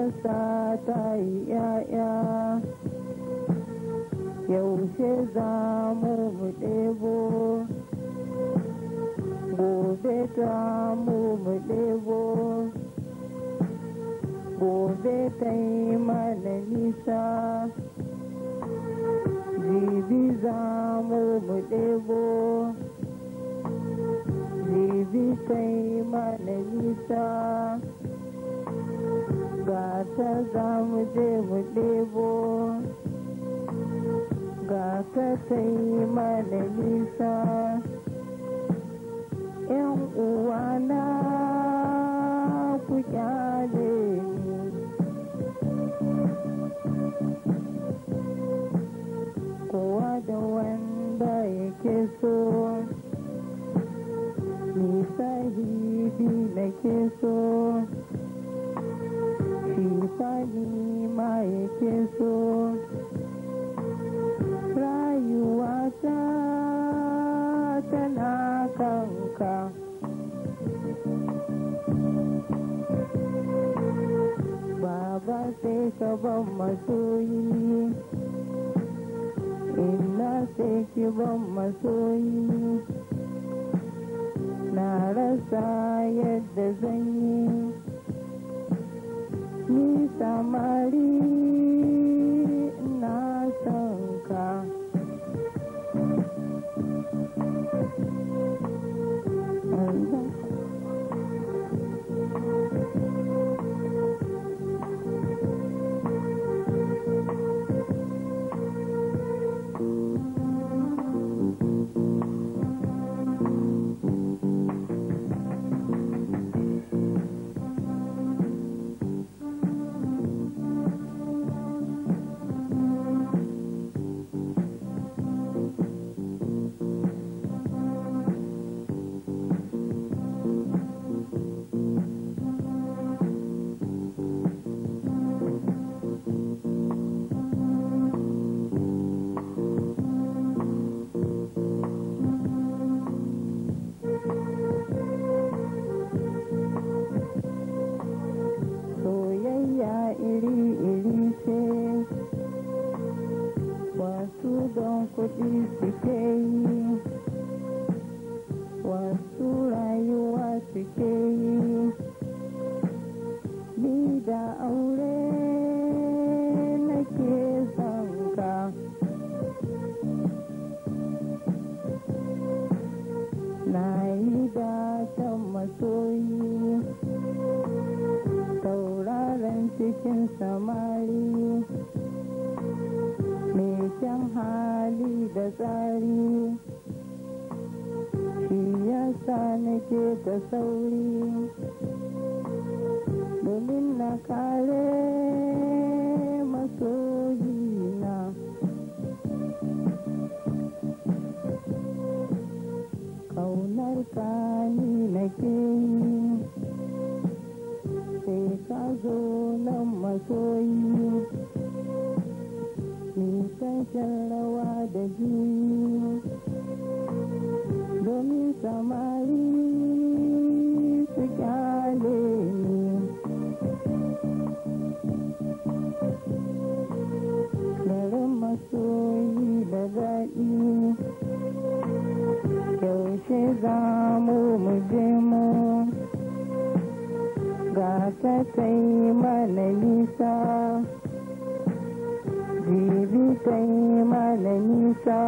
ƙasa ta yi ‘ya'ya yaushe za mu ɗebo gobe ta mu ɗebo gobe ta yi mana nisa jibi za mu ɗebo jibi ta yi mana nisa gasar za mu je mu ɗebo gasa ka yi mana nisa yan na ku kyale kowa da wanda yake so nisa hibi na ke so sani ma yake so rayuwa ta tana kanka baba sai ka ban masoyi ina sai ki ban masoyi na rasa yadda zan yi மடி neman kuɗi suke yi wasu rayuwa suke yi ni da aure nake zanka na yi da can masoyi tauraron cikin samari da tsari shi yasa nake ta sauri domin na kare masoyina kaunar kani nake yi sai ka zo nan masoyi sakin rawa da ji domin samari su kyale garin masoyi da daɗi yaushe za mu muje mu ga ta sai mana nisa bi kai mana nisa